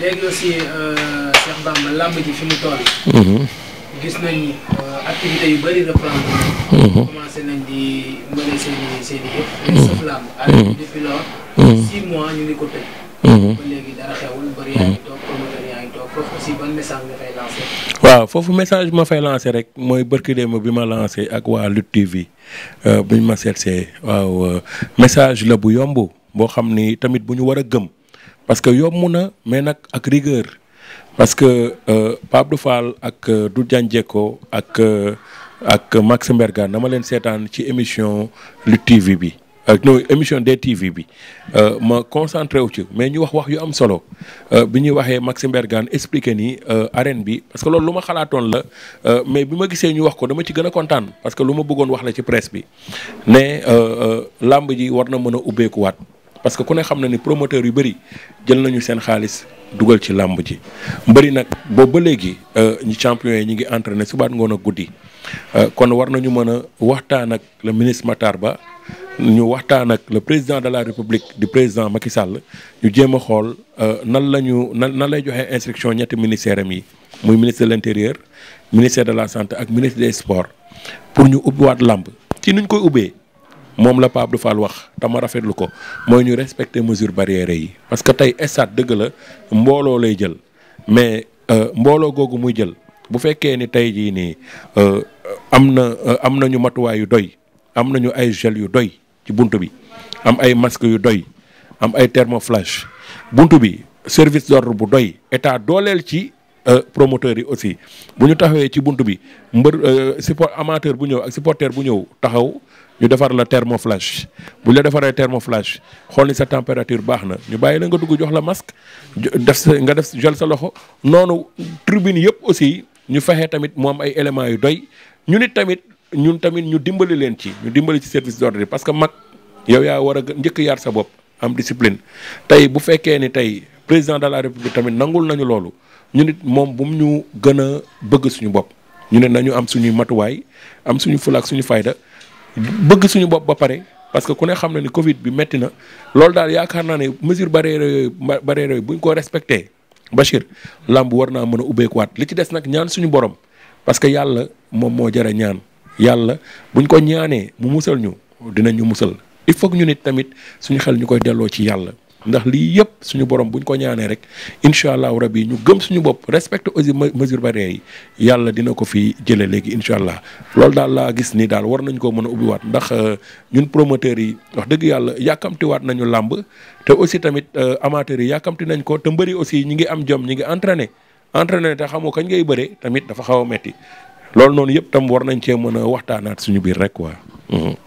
léegi aussi euh, Cheikh Bamba làmb ji fi mu toll. Mhm. gis nañ euh, activité yu bëri reprendre. Mhm. commencé nañ mhm. mois ñu ngi ko tëj. foofu message waaw foofu message bi ma fay lancé rek mooy barki démb bi ma lancé ak waa Lutte TV euh, bi ñu ma seetsee waaw message la bu yomb boo xam ni tamit bu ñu war a gëm. parce que yomb na mais nag ak rigueur parce que euh, Pape Dou Fall ak euh, du Diagne Diecko ak euh, ak Max Mbergane dama leen seetaan ci émission Lutte TV bi ak no émission DTV bi ma concentré wu ci mais ñu wax wax yu am solo bi ñuy waxee Max Mbergane expliqué ni arène bi parce que loolu lu ma xalaatoon la mais bi ma gisee ñu wax ko dama ci gën a kontaan parce que lu ma bëggoon wax la ci presse bi ne làmb ji war na mën a ubbeekuwaat. parce que ku ne xam na ni promoteur yu bari jël nañu seen xaalis dugal ci làmb ji mbëri nag boobu ba léegi euh, ñi champion yi ñu ngi entre entraîné subaat ngoon ak guddi euh, kon war nañu mën a waxtaan ak le ministre Matar Ba ñu waxtaan ak le président de la république di président Macky Sall ñu jéem a xool euh, nan la ñu nan nan lay joxe instruction ñetti ministère am yi muy ministre de l' intérieur ministère de la santé ak ministre de sports pour ñu ubbiwaat làmb ci nuñ koy ubbee. moom la Pape Abdou Fall wax dama rafetlu ko mooy ñu respecter mesure barrière yi parce que tey stade dëgg la mbooloo lay jël mais euh, mbooloo googu muy jël bu fekkee ni tey jii nii euh, am na euh, am nañu matuwaay yu doy am nañu ay gel yu doy ci bunt bi am ay masque yu doy am ay thermoflash buntu bi service d'ordre bu doy état dooleel ci promoteurs yi aussi bu ñu taxawee ci bunt bi mbër support amateur bu ñëw ak supporter bu ñëw taxaw ñu defar la thermoflash bu ñu la defaree thermoflash xool ni sa température baax na ñu bàyyi la nga dugg jox la masque def sa nga def jël sa loxo noonu tribune yëpp aussi ñu fexe tamit mu am ay éléments yu doy ñu nit tamit ñun tamit ñu dimbali leen ci ñu dimbali ci service d'ordre yi parce que mag yow yaa war a njëkk yar sa bopp am discipline tey bu fekkee ni tey président de la république tamit nangul nañu loolu ñu nit moom bu mu ñu gën a bëgg suñu bopp ñu ne nañu am suñuy matuwaay am suñu fulaak suñu fayda bëgg suñu bopp ba pare parce que ku ne xam na ni Covid bi metti na loolu daal yaakaar naa ne mesure barrière yooyu barrière yooyu buñ ko respecté Bachir làmb war naa mën a ubbeekuwaat li ci des nag ñaan suñu borom parce que yàlla moom moo jare ñaan yàlla buñ ko ñaanee mu musal ñu dina ñu musal il faut ñu nit tamit suñu xel ñu koy delloo ci yàlla. ndax lii yëpp suñu borom buñ ko ñaanee rek incha allahu rabi ñu gëm suñu bopp respecté aussi mesure barrières yi yàlla dina ko fi jëlee léegi incha allah loolu daal laa gis ni daal war nañ koo mën a ubbiwaat ndax euh, ñun promoteurs yi wax dëgg yàlla yàkkamtiwaat nañu làmb te aussi tamit euh, amateurs yi yàkkamti nañ ko te mbëri aussi ñi ngi am jom ñi ngi entraîné entraîné te xamoo kañ ngay bëree tamit dafa xaw a metti lool noonu yëpp tam war nañ cee mën a waxtaanaat suñu biir rek quoi. Mmh.